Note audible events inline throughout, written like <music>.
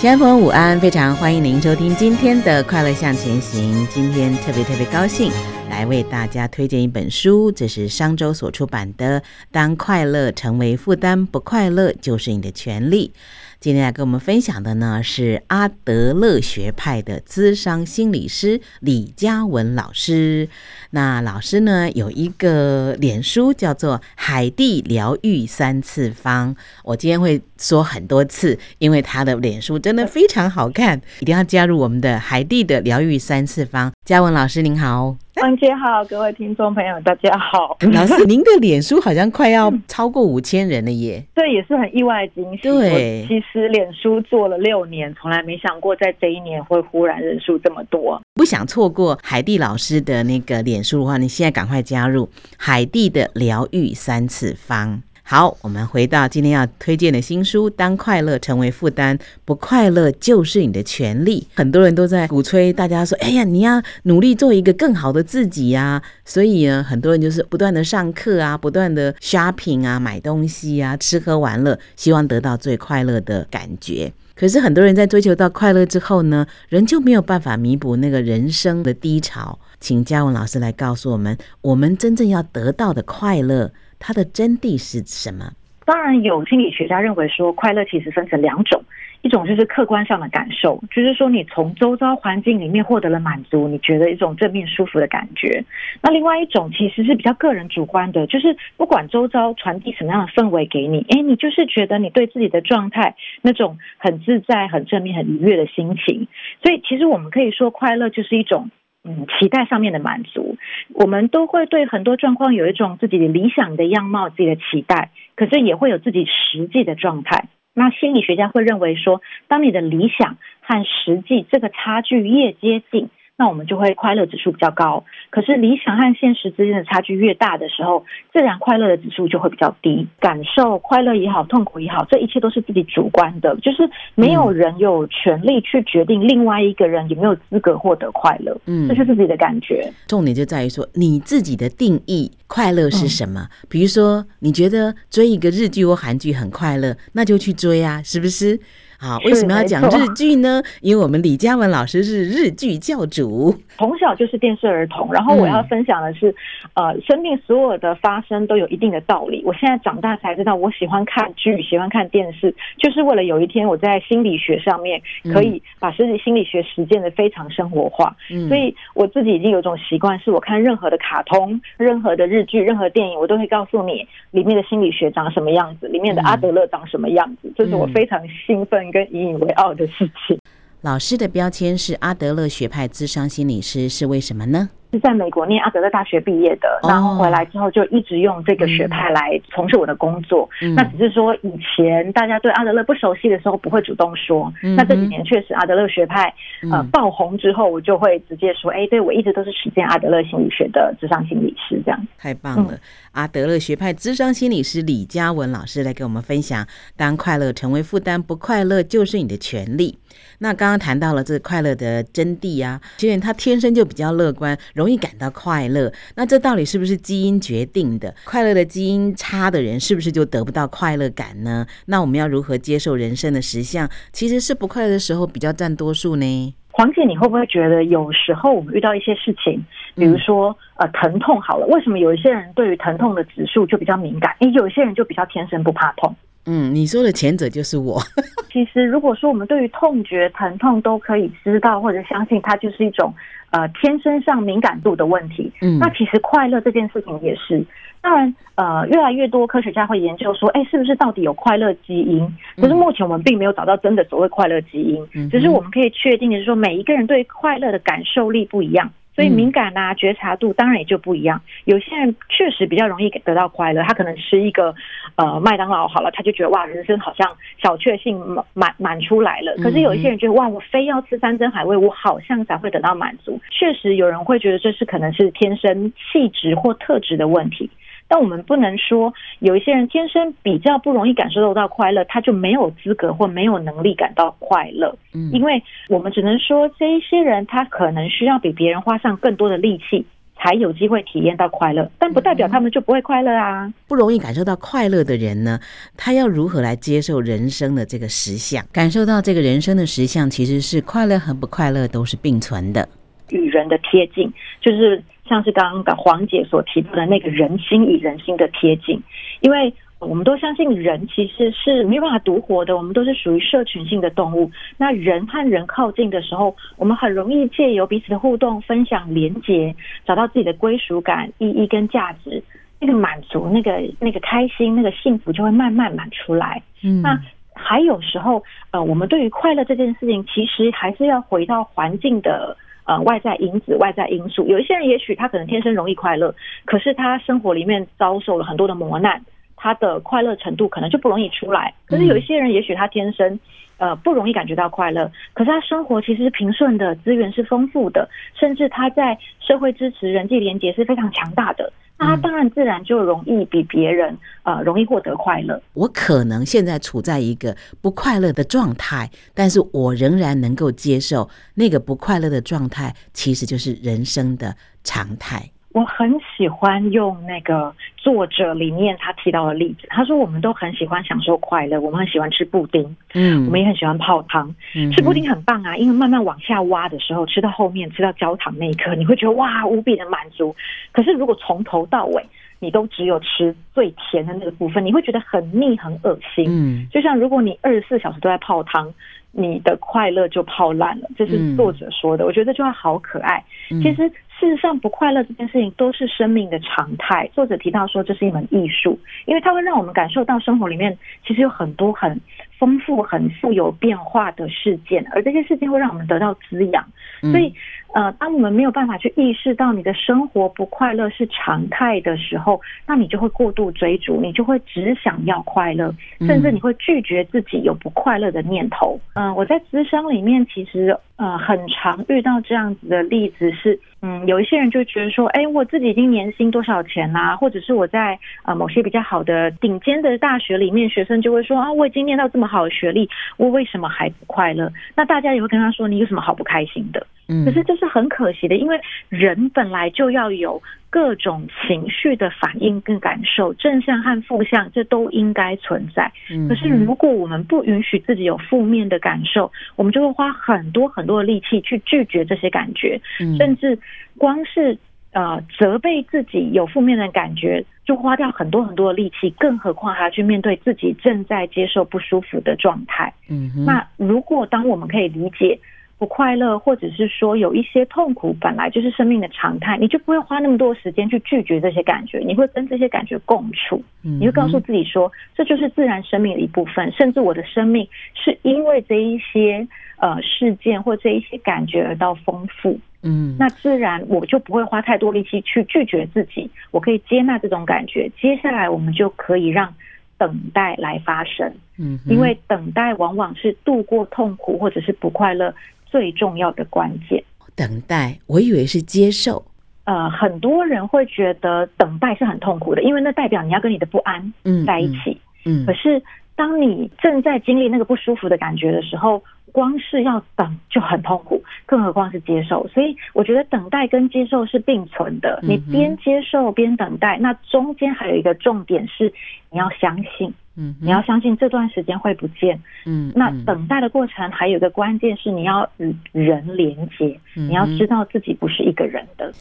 親愛午安！非常歡迎您收聽今天的《快樂向前行》。今天特別特別高興來為大家推薦一本書，這是商周所出版的《當快樂成為負擔，不快樂就是你的權利》。今天來跟我們分享的呢，是阿德勒學派的諮商心理師李家雯老師。那老師呢，有一個臉書叫做“海蒂療癒三次方”，我今天會說很多次，因為他的臉書真的非常好看，一定要加入我們的“海蒂的療癒三次方”。家雯老師您好。王姐好，各位聽眾朋友，大家好。老師，您的臉書好像快要超過五千人了耶，嗯，這也是很意外驚喜。對，其實臉書做了六年，從來沒想過在這一年會忽然人數這麼多。不想錯過海蒂老師的那個臉書的話，你現在趕快加入海蒂的療癒三次方。好，我們回到今天要推薦的新書《當快樂成為負擔，不快樂就是你的權利》。很多人都在鼓吹，大家說：“哎呀，你要努力做一個更好的自己啊！”所以呢，很多人就是不斷的上課啊，不斷的 shopping 啊，買東西啊，吃喝玩樂，希望得到最快樂的感覺。可是，很多人在追求到快樂之後呢，仍舊沒有辦法彌補那個人生的低潮。請家雯老師來告訴我們，我們真正要得到的快樂。它的真諦是什麼？當然，有心理學家認為說，快樂其實分成兩種，一種就是客觀上的感受，就是說你從周遭環境裡面獲得了滿足，你覺得一種正面舒服的感覺；那另外一種其實是比較個人主觀的，就是不管周遭傳遞什麼樣的氛圍給你，誒，你就是覺得你對自己的狀態那種很自在、很正面、很愉悅的心情。所以，其實我們可以說，快樂就是一種。嗯，期待上面的滿足，我們都會對很多狀況有一種自己理想的樣貌，自己的期待，可是也會有自己實際的狀態。那心理學家會認為說，當你的理想和實際這個差距越接近，那我們就會快樂指數比較高。可是理想和現實之間的差距越大的時候，自然快樂的指數就會比較低。感受快樂也好，痛苦也好，這一切都是自己主觀的，就是沒有人有權利去決定另外一個人有沒有資格獲得快樂。嗯，這就是自己的感覺，嗯。重點就在於說，你自己的定義快樂是什麼？嗯，比如說，你覺得追一個日劇或韓劇很快樂，那就去追啊，是不是？好，為什麼要講日劇呢？啊、因為我們李家雯老師是日劇教主，從小就是電視兒童。然後我要分享的是，嗯、呃，生命所有的發生都有一定的道理。我現在長大才知道，我喜歡看劇，喜歡看電視，就是為了有一天我在心理學上面可以把自己心理學實踐的非常生活化。嗯、所以我自己已經有一種習慣，是我看任何的卡通、任何的日劇、任何電影，我都會告訴你裡面的心理學長什麼樣子，裡面的阿德勒長什麼樣子，這、嗯、是我非常興奮。跟引以為傲的事情。老師的標籤是阿德勒學派諮商心理師，是為什麼呢？是在美國念阿德勒大學畢業的，然後回來之後就一直用這個學派來從事我的工作。哦嗯、那只是說以前大家對阿德勒不熟悉的時候不會主動說。嗯、那這幾年確實阿德勒學派、嗯、呃爆紅之後，我就會直接說：“哎、欸，對我一直都是實踐阿德勒心理學的諮商心理師。”這樣太棒了！嗯、阿德勒學派諮商心理師李家雯老師來給我們分享：“當快樂成為負擔，不快樂就是你的權利。”那剛剛談到了這快樂的真諦啊，其實他天生就比較樂觀。容易感到快樂，那這到底是不是基因決定的？快樂的基因差的人，是不是就得不到快樂感呢？那我們要如何接受人生的實相？其實是不快樂的時候比較占多數呢。黃姐，你會不會覺得有時候我們遇到一些事情，比如說、嗯、呃疼痛好了，為什麼有一些人對於疼痛的指數就比較敏感？誒，有些人就比較天生不怕痛。嗯，你說的前者就是我。 <laughs> 其實如果說我們對於痛覺、疼痛都可以知道或者相信，它就是一種。呃，天生上敏感度的問題，嗯，那其實快樂這件事情也是，當然，呃，越來越多科學家會研究說，哎，是不是到底有快樂基因？可是目前我們並沒有找到真的所謂快樂基因，嗯，只是我們可以確定的是說，每一個人對快樂的感受力不一樣。所以敏感吶、啊，覺察度當然也就不一樣。有些人確實比較容易得到快樂，他可能吃一個呃麥當勞好了，他就覺得哇，人生好像小確幸滿滿，滿出來了。可是有一些人覺得哇，我非要吃山珍海味，我好像才會得到滿足。確實有人會覺得這是可能是天生氣質或特質的問題。但我們不能說有一些人天生比較不容易感受到快樂，他就沒有資格或沒有能力感到快樂。嗯，因為我們只能說，這一些人他可能需要比別人花上更多的力氣，才有機會體驗到快樂，但不代表他們就不會快樂啊。不容易感受到快樂的人呢，他要如何來接受人生的這個實相？感受到這個人生的實相，其實是快樂和不快樂都是並存的。與人的貼近，就是。像是剛剛黃姐所提到的那個人心與人心的貼近，因為我們都相信人其實是沒有辦法獨活的，我們都是屬於社群性的動物。那人和人靠近的時候，我們很容易借由彼此的互動、分享、連接，找到自己的歸屬感、意義跟價值。那個滿足、那個那個開心、那個幸福，就會慢慢滿出來。嗯，那還有時候，呃，我們對於快樂這件事情，其實還是要回到環境的。呃，外在因子、外在因素，有一些人也許他可能天生容易快樂，可是他生活裡面遭受了很多的磨難，他的快樂程度可能就不容易出來。可是有一些人也許他天生。呃，不容易感覺到快樂，可是他生活其實平順的，資源是豐富的，甚至他在社會支持、人際連接是非常強大的，那他當然自然就容易比別人、嗯、呃容易獲得快樂。我可能現在處在一個不快樂的狀態，但是我仍然能夠接受那個不快樂的狀態，其實就是人生的常態。我很。喜歡用那個作者裡面他提到的例子，他說我們都很喜歡享受快樂，我們很喜歡吃布丁，嗯，我們也很喜歡泡湯。嗯，吃布丁很棒啊，因為慢慢往下挖的時候，吃到後面吃到焦糖那一刻，你會覺得哇，無比的滿足。可是如果從頭到尾你都只有吃最甜的那個部分，你會覺得很膩，很噁心。嗯，就像如果你二十四小時都在泡湯，你的快樂就泡爛了。這是作者說的，嗯，我覺得這句話好可愛。嗯，其實。事實上，不快樂這件事情都是生命的常態。作者提到說，這是一門藝術，因為它會讓我們感受到生活裡面其實有很多很。豐富很富有變化的事件，而這些事件會讓我們得到滋養。嗯、所以，呃，當我們沒有辦法去意識到你的生活不快樂是常態的時候，那你就會過度追逐，你就會只想要快樂，甚至你會拒絕自己有不快樂的念頭。嗯、呃，我在諮商裡面其實、呃，很常遇到這樣子的例子是，嗯，有一些人就覺得說，哎、欸，我自己已經年薪多少錢啦、啊？或者是我在、呃、某些比較好的頂尖的大學裡面，學生就會說啊，我已經念到這麼。好學歷，我為什麼還不快樂？那大家也會跟他說，你有什麼好不開心的？可是這是很可惜的，因為人本來就要有各種情緒的反應跟感受，正向和負向，這都應該存在。可是如果我們不允許自己有負面的感受，我們就會花很多很多的力氣去拒絕這些感覺，甚至光是。呃，責備自己有負面的感覺，就花掉很多很多的力氣。更何況還要去面對自己正在接受不舒服的狀態。嗯哼，那如果當我們可以理解不快樂，或者是說有一些痛苦，本來就是生命的常態，你就不會花那麼多時間去拒絕這些感覺，你會跟這些感覺共處。你會告訴自己說，這就是自然生命的一部分，甚至我的生命是因為這一些呃事件或這一些感覺而到豐富。嗯，那自然我就不會花太多力氣去拒絕自己，我可以接納這種感覺。接下來我們就可以讓等待來發生，嗯哼，因為等待往往是度過痛苦或者是不快樂最重要的關鍵。等待，我以為是接受，呃，很多人會覺得等待是很痛苦的，因為那代表你要跟你的不安在一起，嗯，嗯，可是當你正在經歷那個不舒服的感覺的時候。光是要等就很痛苦，更何況是接受。所以我覺得等待跟接受是並存的。你邊接受邊等待，那中間還有一個重點是你要相信。嗯，你要相信這段時間會不見。嗯，那等待的過程還有一個關鍵是你要與人連結。你要知道自己不是一個人的。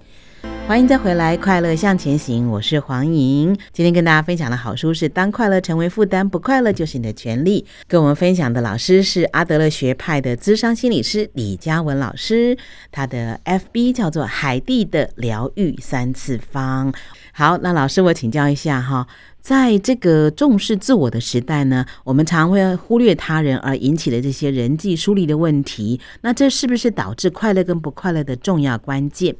歡迎再回來，快樂向前行。我是黃瑩，今天跟大家分享的好書是《當快樂成為負擔，不快樂就是你的權利》。跟我們分享的老師是阿德勒學派的諮商心理師李家雯老師，他的 FB 叫做“海蒂的療癒三次方”。好，那老師，我請教一下哈，在這個重視自我的時代呢，我們常會忽略他人而引起的這些人際疏離的問題，那這是不是導致快樂跟不快樂的重要關鍵？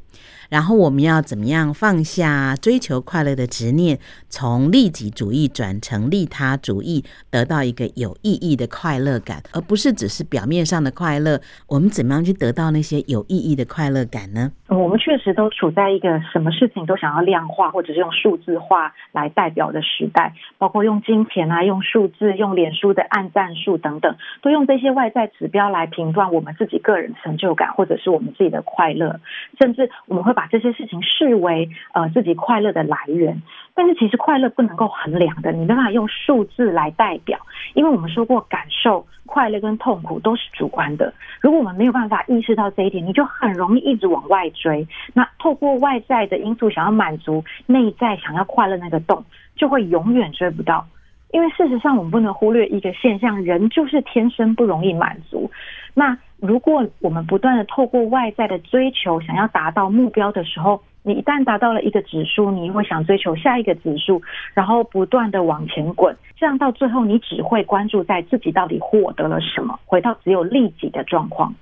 然後我們要怎麼樣放下追求快樂的執念，從利己主義轉成利他主義，得到一個有意義的快樂感，而不是只是表面上的快樂。我們怎麼樣去得到那些有意義的快樂感呢？嗯，我們確實都處在一個什麼事情都想要量化，或者是用數字化來代表的時代，包括用金錢啊、用數字、用臉書的按讚數等等，都用這些外在指標來評斷我們自己個人的成就感，或者是我們自己的快樂，甚至我們會，把這些事情視為呃自己快樂的來源，但是其實快樂不能夠衡量的，你沒辦法用數字來代表，因為我們說過，感受快樂跟痛苦都是主觀的。如果我們沒有辦法意識到這一點，你就很容易一直往外追，那透過外在的因素想要滿足內在想要快樂那個洞，就會永遠追不到。因為事實上，我們不能忽略一個現象，人就是天生不容易滿足。那如果我們不斷的透過外在的追求，想要達到目標的時候，你一旦達到了一個指數，你會想追求下一個指數，然後不斷的往前滾，這樣到最後你只會關注在自己到底獲得了什麼，回到只有利己的狀況。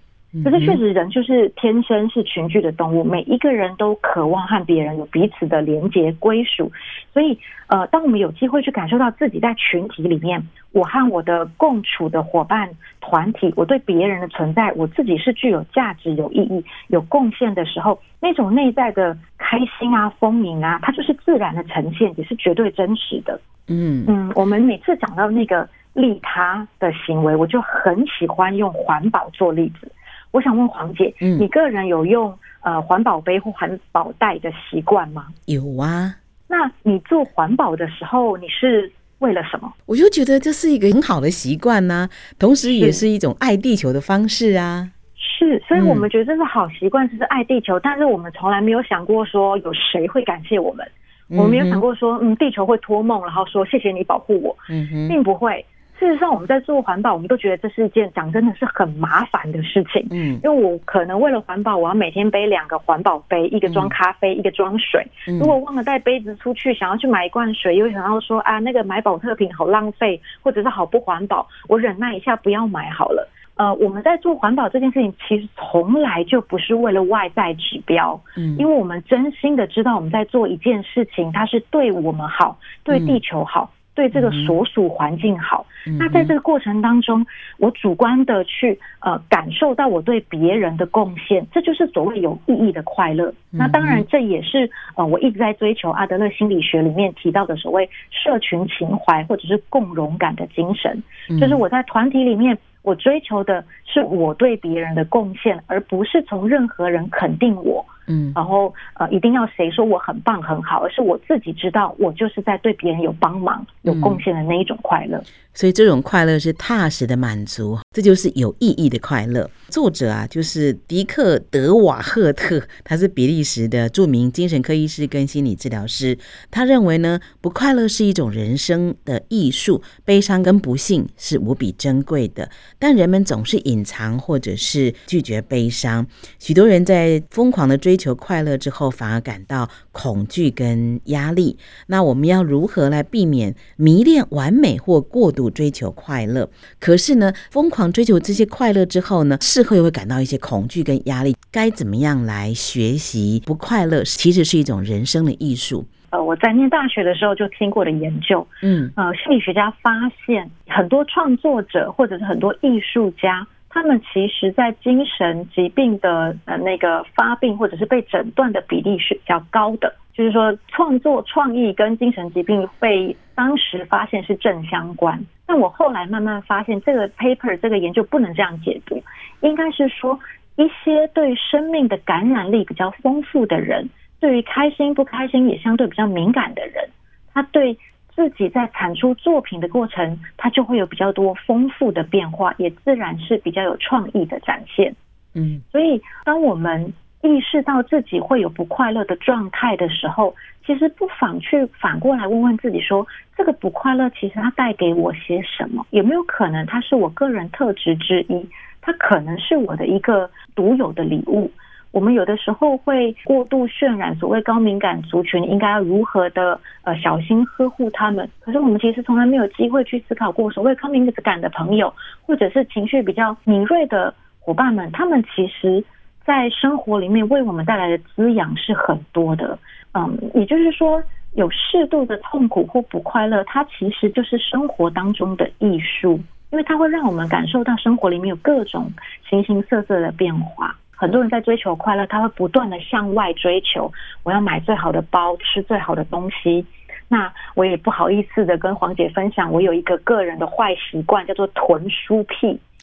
可是，確實，人就是天生是群居的動物，每一個人都渴望和別人有彼此的連結、歸屬。所以，呃，當我們有機會去感受到自己在群體裡面，我和我的共處的伙伴團體，我對別人的存在，我自己是具有價值、有意義、有貢獻的時候，那種內在的開心啊、豐盈啊，它就是自然的呈現，也是絕對真實的。嗯嗯，我們每次講到那個利他的行為，我就很喜歡用環保做例子。我想問黃姐，嗯，你個人有用呃環保杯或環保袋的習慣嗎？有啊。那你做環保的時候，你是為了什麼？我就覺得這是一個很好的習慣吶，啊，同時也是一種愛地球的方式啊。是，嗯，所以我們覺得這是好習慣，這是愛地球。但是我們從來沒有想過說有誰會感謝我們，我們沒有想過說嗯，地球會托夢，然後說謝謝你保護我。嗯哼，並不會。事實上，我們在做環保，我們都覺得這是一件講真的是很麻煩的事情。嗯，因為我可能為了環保，我要每天背兩個環保杯，一個裝咖啡，一個裝水。如果忘了帶杯子出去，想要去買一罐水，又想要說啊，那個買保特瓶好浪費，或者是好不環保，我忍耐一下，不要買好了。呃，我們在做環保這件事情，其實從來就不是為了外在指標，嗯，因為我們真心的知道我們在做一件事情，它是對我們好，對地球好。對這個所屬環境好，嗯、那在這個過程當中，我主觀的去呃感受到我對別人的貢獻，這就是所謂有意義的快樂。那當然這也是呃我一直在追求阿德勒心理學裡面提到的所謂社群情懷或者是共榮感的精神，就是我在團體裡面我追求的是我對別人的貢獻，而不是從任何人肯定我。嗯，然後呃，一定要誰說我很棒很好，而是我自己知道，我就是在對別人有幫忙、有貢獻的那一種快樂。嗯所以這種快樂是踏實的滿足，這就是有意義的快樂。作者啊，就是迪克·德瓦赫特，他是比利時的著名精神科醫師跟心理治療師。他認為呢，不快樂是一種人生的藝術，悲傷跟不幸是無比珍貴的，但人們總是隱藏或者是拒絕悲傷。許多人在瘋狂的追求快樂之後，反而感到恐懼跟壓力。那我們要如何來避免迷戀完美或過度？追求快樂，可是呢，瘋狂追求這些快樂之後呢，事後又會感到一些恐懼跟壓力。該怎麼樣來學習不快樂？其實是一種人生的藝術。呃，我在念大學的時候就聽過的研究，嗯，呃，心理學家發現很多創作者或者是很多藝術家。他們其實，在精神疾病的，呃、那個發病或者是被診斷的比例是比較高的，就是說創作創意跟精神疾病被當時發現是正相關。但我後來慢慢發現，這個 paper 這個研究不能這樣解讀，應該是說一些對生命的感染力比較豐富的人，對於開心不開心也相對比較敏感的人，他對。自己在產出作品的過程，它就會有比較多豐富的變化，也自然是比較有創意的展現。嗯，所以當我們意識到自己會有不快樂的狀態的時候，其實不妨去反過來問問自己說這個不快樂，其實它帶給我些什麼？有沒有可能它是我個人特質之一？它可能是我的一個獨有的禮物。我們有的時候會過度渲染所謂高敏感族群應該要如何的呃，小心呵護他們，可是我們其實從來沒有機會去思考過，所謂高敏感的朋友或者是情緒比較敏銳的夥伴們，他們其實，在生活裡面為我們帶來的滋養是很多的。嗯，也就是說，有適度的痛苦或不快樂，它其實就是生活當中的藝術，因為它會讓我們感受到生活裡面有各種形形色色的變化。很多人在追求快樂，他會不斷的向外追求，我要買最好的包，吃最好的東西。那我也不好意思的跟黃姐分享，我有一個個人的壞習慣，叫做囤書癖。 <laughs>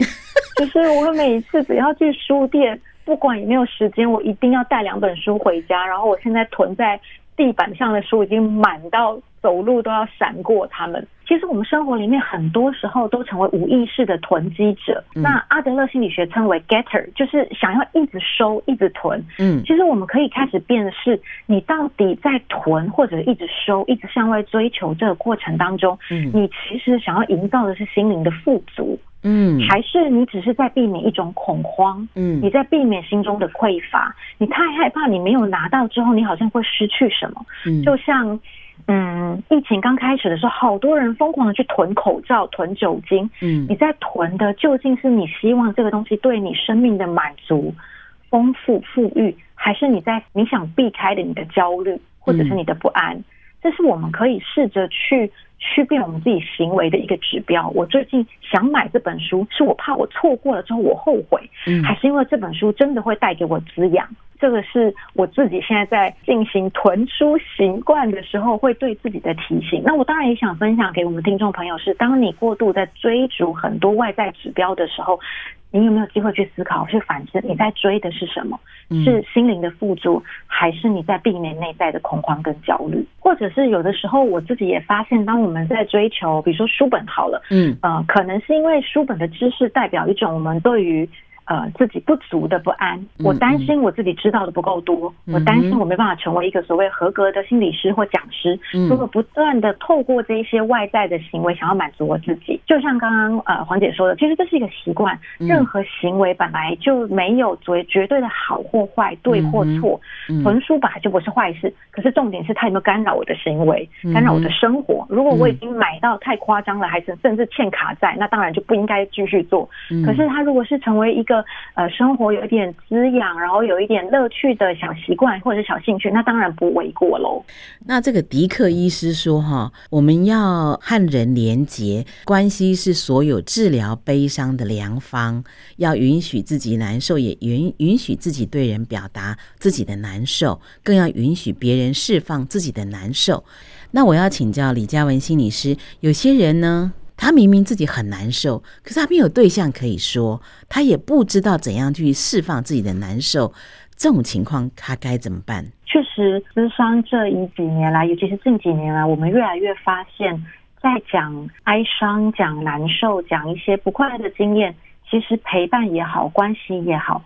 就是我每一次只要去書店，不管有沒有時間，我一定要帶兩本書回家。然後我現在囤在。地板上的書已經滿到走路都要閃過他們。其實我們生活裡面很多時候都成為無意識的囤積者，那阿德勒心理學稱為 getter，就是想要一直收、一直囤。嗯，其實我們可以開始辨識，你到底在囤或者一直收、一直向外追求這個過程當中，嗯，你其實想要營造的是心靈的富足。嗯，還是你只是在避免一種恐慌，嗯，你在避免心中的匱乏，你太害怕你沒有拿到之後，你好像會失去什麼，嗯，就像，嗯，疫情剛開始的時候，好多人瘋狂的去囤口罩、囤酒精，嗯，你在囤的究竟是你希望這個東西對你生命的滿足、豐富、富裕，還是你在你想避開的你的焦慮或者是你的不安？嗯這是我們可以試着去區辨我們自己行為的一個指標。我最近想買這本書，是我怕我錯過了之後我後悔，還是因為這本書真的會帶給我滋養？這個是我自己現在在進行囤書習慣的時候會對自己的提醒。那我當然也想分享給我們聽眾朋友是：當你過度在追逐很多外在指標的時候，你有沒有機會去思考去反思你在追的是什麼？是心靈的富足，還是你在避免內在的恐慌跟焦慮？或者是有的時候我自己也發現，當我們在追求，比如說書本好了，嗯、呃，可能是因為書本的知識代表一種我們對於。呃，自己不足的不安，我擔心我自己知道的不夠多，嗯嗯、我擔心我沒辦法成為一個所謂合格的心理師或講師。嗯、如果不斷的透過這一些外在的行為想要滿足我自己，就像剛剛呃黃姐說的，其實這是一個習慣。任何行為本來就沒有絕對的好或壞，對或錯。囤、嗯嗯嗯、書本來就不是壞事，可是重點是他有沒有干擾我的行為，嗯、干擾我的生活。如果我已經買到太誇張了，還是甚至欠卡債，那當然就不應該繼續做。可是他如果是成為一個。呃，生活有一點滋養，然後有一點樂趣的小習慣或者是小興趣，那當然不為過嘍。那這個迪克醫師說哈，我們要和人連結，關係是所有治療悲傷的良方。要允許自己難受，也允允許自己對人表達自己的難受，更要允許別人釋放自己的難受。那我要請教李家雯心理師，有些人呢？他明明自己很難受，可是他沒有對象可以說，他也不知道怎樣去釋放自己的難受。這種情況，他該怎麼辦？確實，諮商這一幾年來，尤其是近幾年來，我們越來越發現，在講哀傷、講難受、講一些不快樂的經驗，其實陪伴也好，關係也好，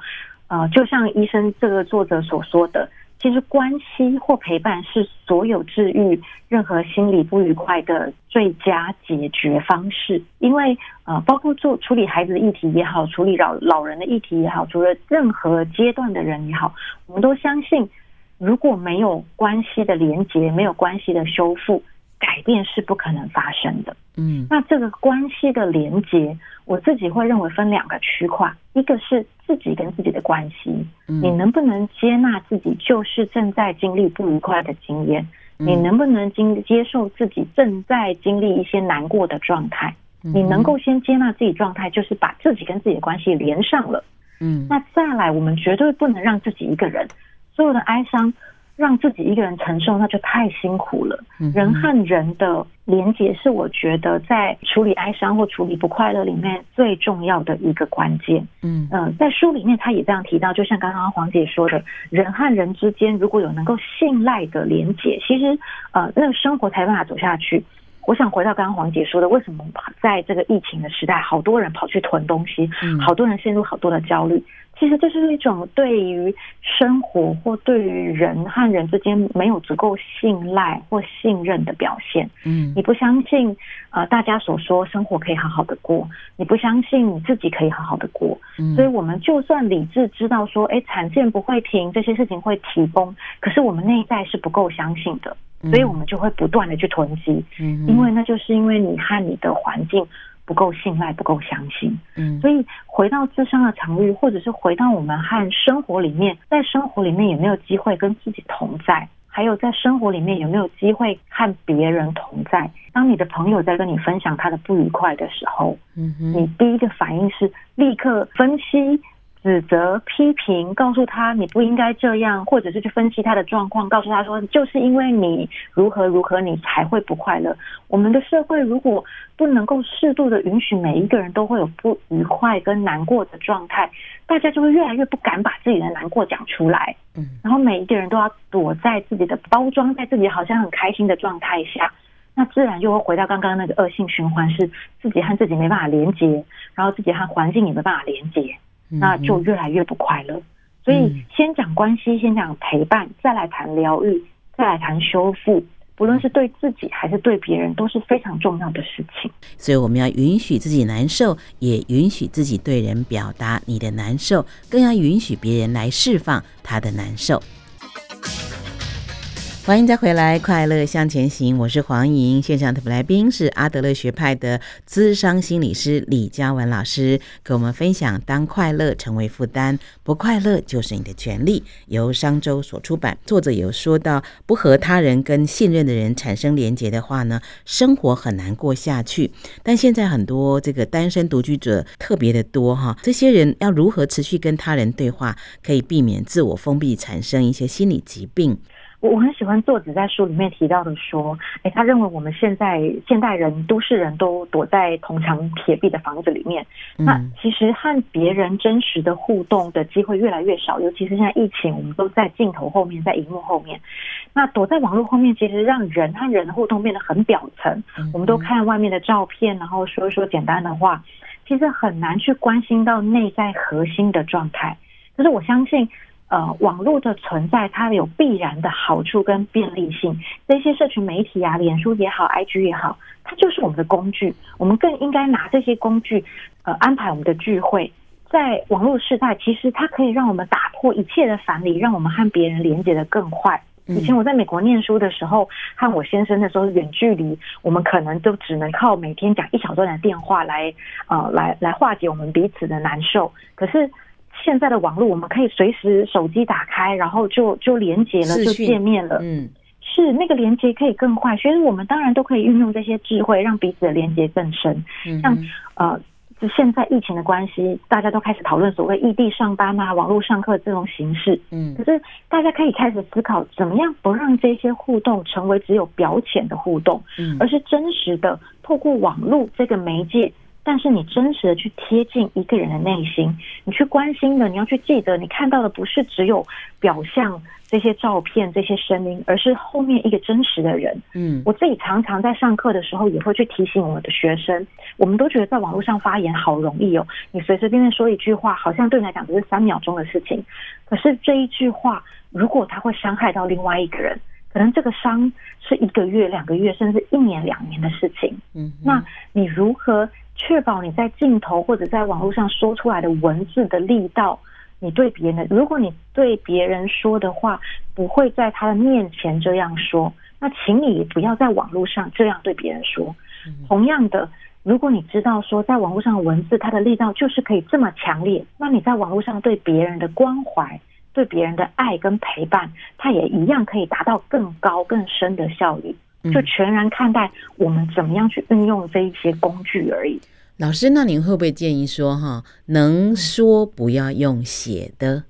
呃，就像醫生這個作者所說的。其實關係或陪伴是所有治癒任何心理不愉快的最佳解決方式，因為呃，包括做處理孩子的議題也好，處理老老人的議題也好，除了任何階段的人也好，我們都相信，如果沒有關係的連結，沒有關係的修復，改變是不可能發生的，嗯，那這個關係的連接，我自己會認為分兩個區塊，一個是自己跟自己的關係，嗯，你能不能接納自己就是正在經歷不愉快的經驗？嗯，你能不能經接受自己正在經歷一些難過的狀態？嗯，你能夠先接納自己狀態，就是把自己跟自己的關係連上了，嗯，那再來，我們絕對不能讓自己一個人所有的哀傷。讓自己一個人承受，那就太辛苦了。人和人的連結是我覺得在處理哀傷或處理不快樂裡面最重要的一個關鍵。嗯、呃、嗯，在書裡面他也這樣提到，就像剛剛黃姐說的，人和人之間如果有能夠信賴的連結，其實呃，那個、生活才有辦法走下去。我想回到剛剛黃姐說的，為什麼在這個疫情的時代，好多人跑去囤東西，好多人陷入好多的焦慮，嗯、其實就是一種對於生活或對於人和人之間沒有足夠信賴或信任的表現。嗯，你不相信啊，大家所說生活可以好好的過，你不相信你自己可以好好的過，嗯、所以我們就算理智知道說，欸，產線不會停，這些事情會提供，可是我們內在是不夠相信的。所以我們就會不斷的去囤積，嗯哼，因為那就是因為你和你的環境不夠信賴，不夠相信，嗯，所以回到自傷的場域，或者是回到我們和生活裡面，在生活裡面有沒有機會跟自己同在，還有在生活裡面有沒有機會和別人同在？當你的朋友在跟你分享他的不愉快的時候，嗯哼，你第一個反應是立刻分析，指責、批評，告訴他你不應該這樣，或者是去分析他的狀況，告訴他說就是因為你如何如何，你才會不快樂。我們的社會如果不能夠適度的允許每一個人都會有不愉快跟難過的狀態，大家就會越來越不敢把自己的難過講出來。嗯，然後每一個人都要躲在自己的包裝，在自己好像很開心的狀態下，那自然就會回到剛剛那個惡性循環，是自己和自己沒辦法連接，然後自己和環境也沒辦法連接。那就越來越不快樂，所以先講關係，先講陪伴，再來談療癒，再來談修復，不論是對自己還是對別人，都是非常重要的事情。所以我們要允許自己難受，也允許自己對人表達你的難受，更要允許別人來釋放他的難受。歡迎再回來，《快樂向前行》。我是黃瑩，現場特別來賓是阿德勒學派的諮商心理師李家雯老師，跟我們分享《當快樂成為負擔，不快樂就是你的權利》，由商周所出版。作者有說到，不和他人跟信任的人產生連結的話呢，生活很難過下去。但現在很多這個單身獨居者特別的多哈，這些人要如何持續跟他人對話，可以避免自我封閉，產生一些心理疾病？我我很喜歡作者在書裡面提到的說，誒，他認為我們現在現代人、都市人都躲在銅牆鐵壁的房子裡面，那其實和別人真實的互動的機會越來越少，尤其是現在疫情，我們都在鏡頭後面，在熒幕後面，那躲在網絡後面，其實讓人和人的互動變得很表層，嗯、哼我們都看外面的照片，然後說一說簡單的話，其實很難去關心到內在核心的狀態。可是我相信。呃，網絡的存在，它有必然的好處跟便利性。這些社群媒體啊，臉書也好，IG 也好，它就是我們的工具。我們更應該拿這些工具，呃，安排我們的聚會。在網絡時代，其實它可以讓我們打破一切的藩籬，讓我們和別人連接得更快。嗯。以前我在美國念書的時候，和我先生的時候，遠距離，我們可能都只能靠每天講一小段的電話來，呃，來來化解我們彼此的難受。可是。現在的網絡，我們可以隨時手機打開，然後就就連接了，訊就見面了。嗯，是那個連接可以更快。所以，我們當然都可以運用這些智慧，讓彼此的連接更深。嗯哼，像呃，現在疫情的關係，大家都開始討論所謂異地上班啊、網絡上課這種形式。嗯，可是大家可以開始思考，怎麼樣不讓這些互動成為只有表淺的互動，嗯，而是真實的透過網絡這個媒介。但是你真實的去貼近一個人的內心，你去關心的，你要去記得，你看到的不是只有表象，這些照片、這些聲音，而是後面一個真實的人。嗯，我自己常常在上課的時候也會去提醒我的學生，我們都覺得在網絡上發言好容易哦，你隨隨便便說一句話，好像對你來講只是三秒鐘的事情。可是這一句話，如果他會傷害到另外一個人，可能這個傷是一個月、兩個月，甚至一年、兩年的事情。嗯，嗯嗯那你如何？確保你在鏡頭或者在網絡上說出來的文字的力道，你對別人的，如果你對別人說的話不會在他的面前這樣說，那請你不要在網絡上這樣對別人說。同樣的，如果你知道說在網絡上文字它的力道就是可以這麼強烈，那你在網絡上對別人的關懷、對別人的愛跟陪伴，它也一樣可以達到更高更深的效益。就全然看待我們怎麼樣去運用這一些工具而已。老師，那您會不會建議說，哈，能說不要用寫的？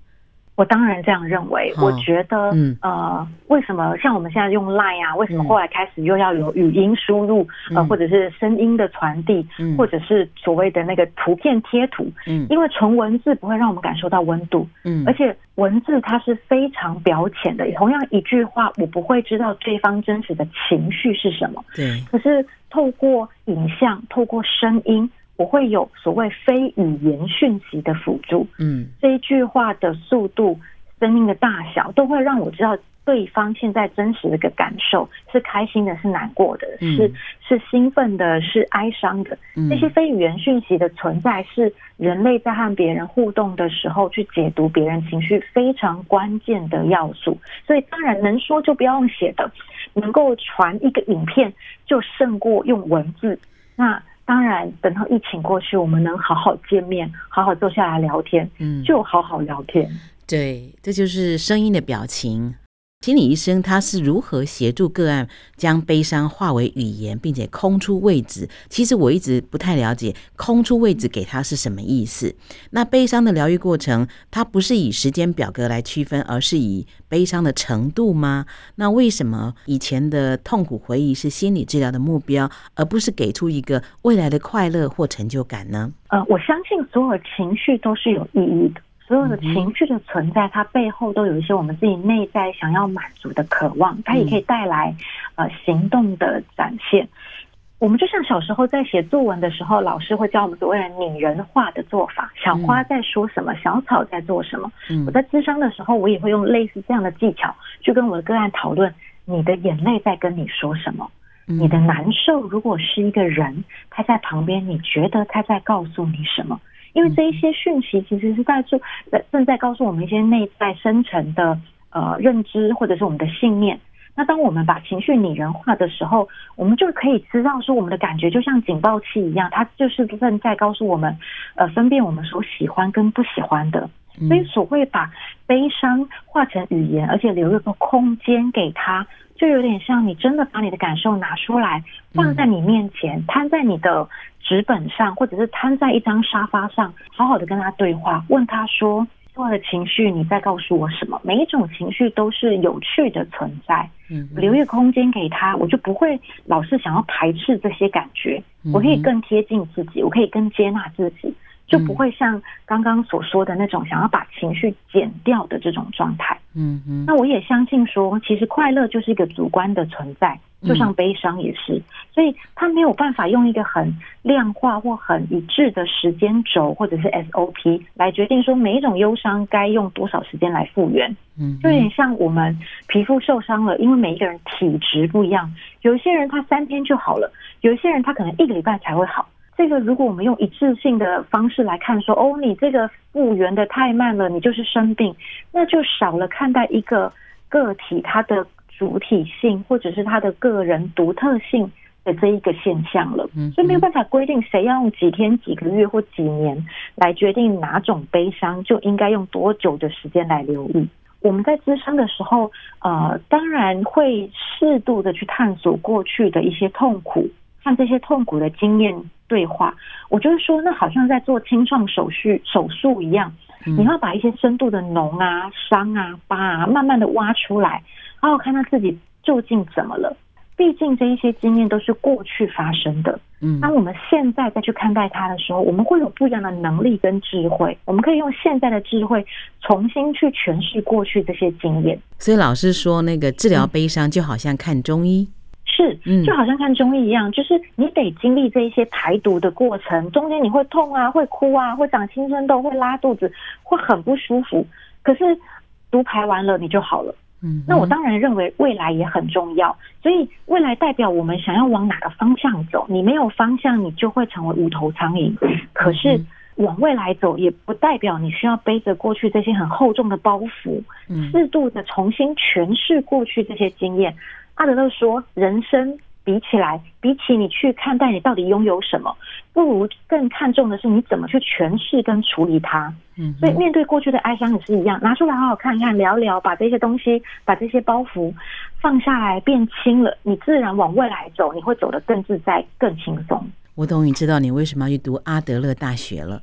我當然這樣認為，哦、我覺得，嗯、呃，為什麼像我們現在用 LINE 啊？為什麼後來開始又要有語音輸入，嗯、呃，或者是聲音的傳遞，嗯、或者是所謂的那個圖片貼圖？嗯、因為純文字不會讓我們感受到溫度，嗯、而且文字它是非常表淺的。同樣一句話，我不會知道對方真實的情緒是什麼。對，可是透過影像，透過聲音。我會有所謂非語言訊息的輔助，嗯，這一句話的速度、聲音的大小，都會讓我知道對方現在真實的個感受是開心的、是難過的、是是興奮的、是哀傷的。嗯，那些非語言訊息的存在，是人類在和別人互動的時候去解讀別人情緒非常關鍵的要素。所以，當然能說就不要用寫的，能夠傳一個影片就勝過用文字。那。當然，等到疫情過去，我們能好好見面，好好坐下來聊天，嗯，就好好聊天，嗯。對，這就是聲音的表情。心理醫生他是如何協助個案將悲傷化為語言，並且空出位置？其實我一直不太了解空出位置給他是什麼意思。那悲傷的療癒過程，它不是以時間表格來區分，而是以悲傷的程度嗎？那為什麼以前的痛苦回憶是心理治療的目標，而不是給出一個未來的快樂或成就感呢？呃，我相信所有情緒都是有意義的。所有的情緒的存在，它背後都有一些我們自己內在想要滿足的渴望，它也可以帶來呃行動的展現。我們就像小時候在寫作文的時候，老師會教我們所謂的擬人化的做法：小花在說什麼，小草在做什麼。我在諮商的時候，我也會用類似這樣的技巧，去跟我的個案討論：你的眼淚在跟你說什麼？你的難受，如果是一個人他在旁邊，你覺得他在告訴你什麼？因為這一些訊息其實是在做，在正在告訴我們一些內在深層的呃認知，或者是我們的信念。那當我們把情緒擬人化的時候，我們就可以知道說，我們的感覺就像警報器一樣，它就是正在告訴我們，呃，分辨我們所喜歡跟不喜歡的。所以，所謂把悲傷化成語言，而且留一個空間給它。就有點像你真的把你的感受拿出來，放在你面前，嗯、攤在你的紙本上，或者是攤在一張沙發上，好好的跟他對話，問他說：所有的情緒，你在告訴我什麼？每一種情緒都是有趣的存在。嗯，留一個空間給他，我就不會老是想要排斥這些感覺，我可以更貼近自己，我可以更接納自己。就不會像剛剛所說的那種想要把情緒減掉的這種狀態，嗯。嗯嗯，那我也相信說，其實快樂就是一個主觀的存在，就像悲傷也是，嗯、所以它沒有辦法用一個很量化或很一致的時間軸或者是 SOP 來決定說每一種憂傷該用多少時間來復原。嗯，就有點像我們皮膚受傷了，因為每一個人體質不一樣，有些人他三天就好了，有些人他可能一個禮拜才會好。這個，如果我們用一致性的方式來看說，說哦，你這個復原的太慢了，你就是生病，那就少了看待一個個體它的主體性，或者是它的個人獨特性的這一個現象了。嗯嗯，所以沒有辦法規定誰要用幾天、幾個月或幾年來決定哪種悲傷就應該用多久的時間來留意。我們在諮商的時候，呃，當然會適度的去探索過去的一些痛苦，看這些痛苦的經驗。對話，我就是說，那好像在做清創手術手術一樣，你要把一些深度的膿啊、傷啊、疤啊，慢慢的挖出來，然後看他自己究竟怎麼了。畢竟這一些經驗都是過去發生的，嗯，當我們現在再去看待它的時候，我們會有不一樣的能力跟智慧。我們可以用現在的智慧重新去詮釋過去這些經驗。所以老師說，那個治療悲傷就好像看中醫。嗯是，就好像看中醫一樣，就是你得經歷這一些排毒的過程，中間你會痛啊，會哭啊，會長青春痘，會拉肚子，會很不舒服。可是毒排完了，你就好了。嗯哼，那我當然認為未來也很重要，所以未來代表我們想要往哪個方向走。你沒有方向，你就會成為無頭蒼蠅。可是往未來走，也不代表你需要背着過去這些很厚重的包袱，適度的重新詮釋過去這些經驗。阿德勒說，人生比起來，比起你去看待你到底擁有什麼，不如更看重的是你怎麼去詮釋跟處理它。嗯，所以面對過去的哀傷也是一樣，拿出來好好看看，聊聊，把這些東西、把這些包袱放下來，變輕了，你自然往未來走，你會走得更自在、更輕鬆。我終於知道你為什麼要去讀阿德勒大學了。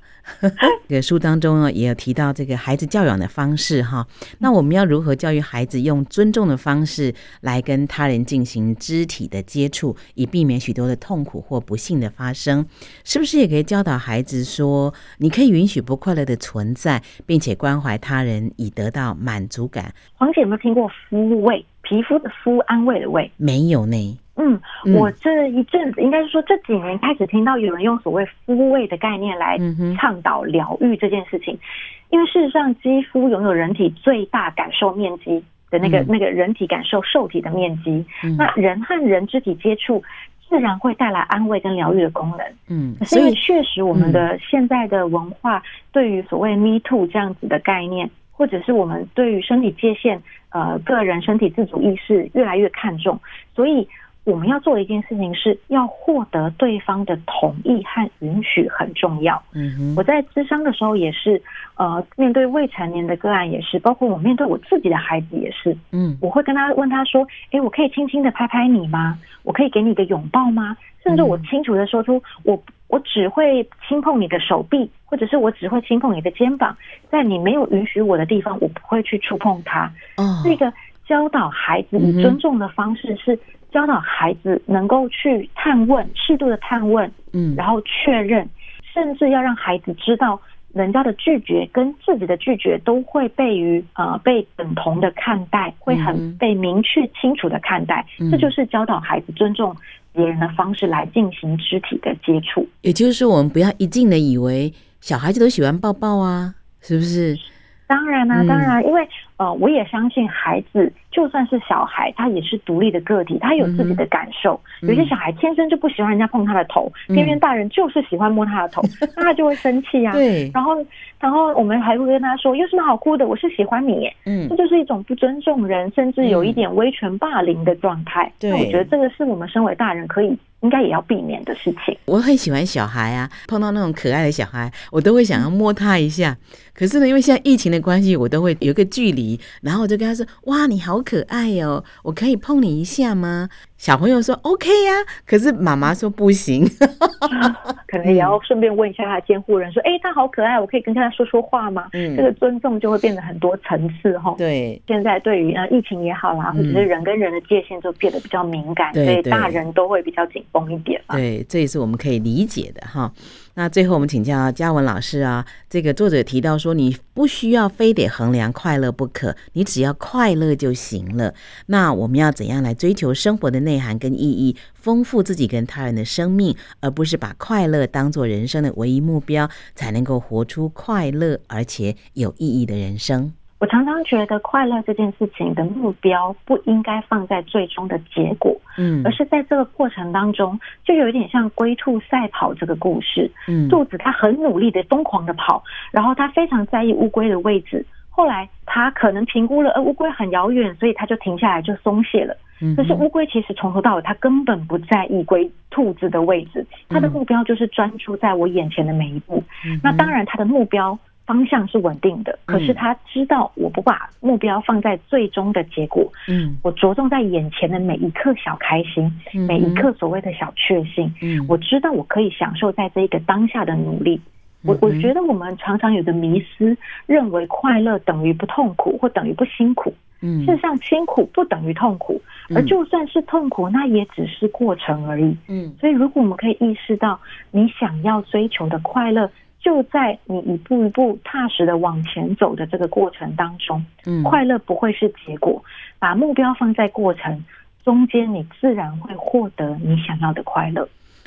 這 <laughs> 個書當中呢，也有提到這個孩子教養的方式哈。那我們要如何教育孩子，用尊重的方式來跟他人進行肢體的接觸，以避免許多的痛苦或不幸的發生？是不是也可以教導孩子說，你可以允許不快樂的存在，並且關懷他人，以得到滿足感？黃姐有沒有聽過“膚慰”？皮膚的“膚”，安慰的味“慰”？沒有呢。嗯，我這一陣子，應該是說這幾年開始聽到有人用所謂“膚慰”的概念來倡導療癒這件事情，嗯、哼因為事實上，肌膚擁有人體最大感受面積的那個、嗯、那個人體感受受體的面積，嗯、那人和人肢體接觸，自然會帶來安慰跟療癒的功能。嗯，所以確實，我們的現在的文化對於所謂 “me too” 這樣子的概念，或者是我們對於身體界限、呃個人身體自主意識越來越看重，所以。我們要做一件事情是，是要獲得對方的同意和允許，很重要。嗯哼，我在諮商的時候也是，呃，面對未成年的個案也是，包括我面對我自己的孩子也是。嗯，我會跟他問他說：“哎、欸，我可以輕輕的拍拍你嗎？我可以給你個擁抱嗎？甚至我清楚的說出、嗯、我我只會輕碰你的手臂，或者是我只會輕碰你的肩膀，在你沒有允許我的地方，我不會去觸碰它。哦”嗯，這個教導孩子以尊重的方式是。嗯教導孩子能夠去探問，適度的探問，嗯，然後確認，甚至要讓孩子知道，人家的拒絕跟自己的拒絕都會被於呃被等同的看待，會很被明確清楚的看待。嗯、這就是教導孩子尊重別人的方式來進行肢體的接觸。也就是說，我們不要一進的以為小孩子都喜歡抱抱啊，是不是？當然啊，當然、啊，嗯、因為。呃，我也相信孩子，就算是小孩，他也是獨立的個體，他有自己的感受。嗯、有些小孩天生就不喜歡人家碰他的頭，嗯、偏偏大人就是喜歡摸他的頭，那、嗯、他就會生氣呀、啊。 <laughs> 對。然後，然後我們還會跟他說：“有什麼好哭的？我是喜歡你。”嗯，這就是一種不尊重人，甚至有一點威權霸凌的狀態。對、嗯，嗯、那我覺得這個是我們身為大人可以。應該也要避免的事情。我很喜歡小孩啊，碰到那種可愛的小孩，我都會想要摸他一下。嗯、可是呢，因為現在疫情的關係，我都會有一個距離。然後我就跟他說：“哇，你好可愛哦、喔，我可以碰你一下嗎？”小朋友說：“OK 呀、啊。”可是媽媽說：“不行。 <laughs> ”可能也要順便問一下他的監護人，說：“哎、嗯欸，他好可愛，我可以跟他說說話嗎？”這個、嗯、尊重就會變得很多層次哈。對，現在對於啊疫情也好啦，或者是人跟人的界限就變得比較敏感，嗯、所以大人都會比較緊。豐一點啊，對，這也是我們可以理解的哈。那最後我們請教家雯老師啊，這個作者提到說，你不需要非得衡量快樂不可，你只要快樂就行了。那我們要怎樣來追求生活的內涵跟意義，豐富自己跟他人的生命，而不是把快樂當作人生的唯一目標，才能夠活出快樂而且有意義的人生？我常常覺得快樂這件事情的目標不應該放在最終的結果，嗯，而是在這個過程當中，就有一點像龜兔賽跑這個故事，嗯，兔子它很努力的瘋狂的跑，然後它非常在意烏龜的位置，後來它可能評估了，呃，烏龜很遙遠，所以它就停下來就鬆懈了，嗯，可是烏龜其實從頭到尾它根本不在意龜兔子的位置，它的目標就是專注在我眼前的每一步，嗯，那當然它的目標。方向是穩定的，可是他知道我不把目標放在最終的結果，嗯，我着重在眼前的每一刻小開心，嗯、每一刻所謂的小確幸，嗯，我知道我可以享受在這一個當下的努力。嗯、我我覺得我們常常有個迷思，認為快樂等於不痛苦，或等於不辛苦，嗯，事實上辛苦不等於痛苦，而就算是痛苦，那也只是過程而已，嗯，所以如果我們可以意識到你想要追求的快樂。就在你一步一步踏實的往前走的這個過程當中，嗯，快樂不會是結果，把目標放在過程中間，你自然會獲得你想要的快樂。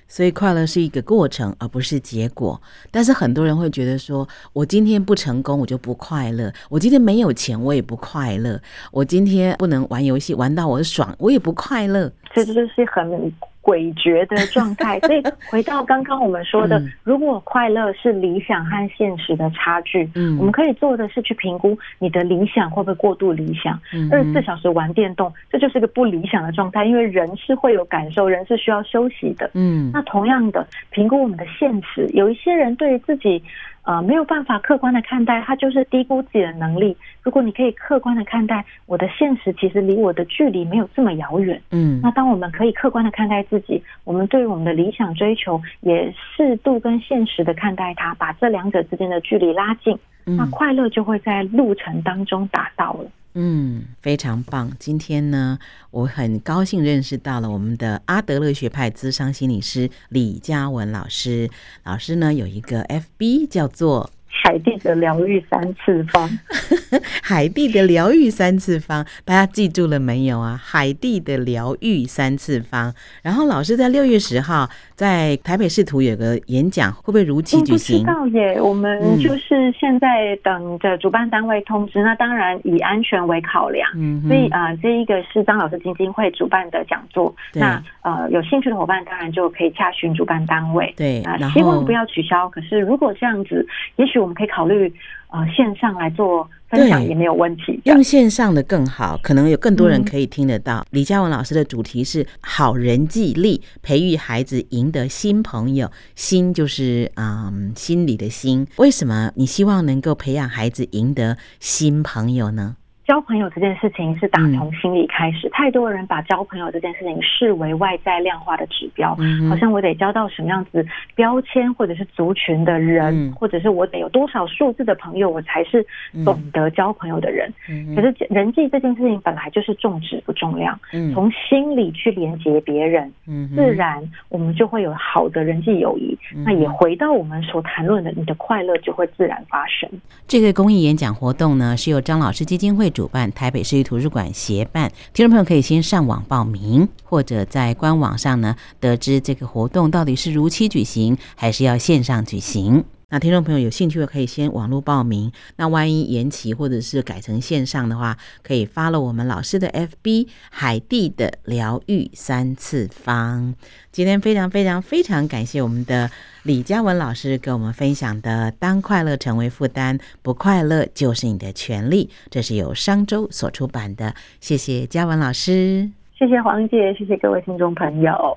所以，快樂是一個過程，而不是結果。但是，很多人會覺得說，我今天不成功，我就不快樂；我今天沒有錢，我也不快樂；我今天不能玩遊戲玩到我爽，我也不快樂。所以這，就是很。詭譎的狀態， <laughs> 嗯，所以回到剛剛我們說的，如果快樂是理想和現實的差距，嗯，我們可以做的是去評估你的理想會不會過度理想。二十四小時玩電動，這就是一個不理想的狀態，因為人是會有感受，人是需要休息的。嗯，那同樣的，評估我們的現實，有一些人對於自己。呃，沒有辦法客觀的看待它，就是低估自己的能力。如果你可以客觀的看待，我的現實其實離我的距離沒有這麼遙遠。嗯，那當我們可以客觀的看待自己，我們對於我們的理想追求也適度跟現實的看待它，把這兩者之間的距離拉近，那快樂就會在路程當中達到了。嗯嗯。嗯，非常棒。今天呢，我很高興認識到了我們的阿德勒學派諮商心理師李家雯老師。老師呢，有一個 FB 叫做。海蒂的療癒三次方， <laughs> 海蒂的療癒三次方，大家記住了沒有啊？海蒂的療癒三次方。然後老師在六月十號在台北市圖有個演講，會不會如期舉行？不知道耶，我們就是現在等着主辦單位通知。嗯、那當然以安全為考量，嗯哼，所以啊、呃，這一個是張老師基金、金會主辦的講座。對那呃，有興趣的夥伴當然就可以洽詢主辦單位。對啊、呃，希望不要取消。可是如果這樣子，也許。所以我們可以考慮，呃，線上來做分享也沒有問題，用線上的更好，可能有更多人可以聽得到。嗯、李家雯老師的主題是好人際力，培育孩子贏得新朋友，心就是嗯心裡的心，為什麼你希望能夠培養孩子贏得新朋友呢？交朋友這件事情是打從心裡開始。嗯、太多人把交朋友這件事情視為外在量化的指標，嗯、好像我得交到什麼樣子標籤或者是族群的人，嗯、或者是我得有多少數字的朋友，我才是懂得交朋友的人。嗯嗯嗯、可是人際這件事情本來就是重質不重量，從、嗯、心裡去連接別人，嗯、自然我們就會有好的人際友誼。嗯、那也回到我們所談論的，你的快樂就會自然發生。這個公益演講活動呢，是由張老師基金會，主辦台北市立圖書館協辦，聽眾朋友可以先上網報名，或者在官網上呢，得知這個活動到底是如期舉行，還是要線上舉行。那聽眾朋友有興趣的可以先網絡報名。那萬一延期或者是改成線上的話，可以發了我們老師的 FB 海蒂的療癒三次方。今天非常非常非常感謝我們的李家雯老師給我們分享的《當快樂成為負擔，不快樂就是你的權利》，這是由商周所出版的。謝謝家雯老師，謝謝黃姐，謝謝各位聽眾朋友。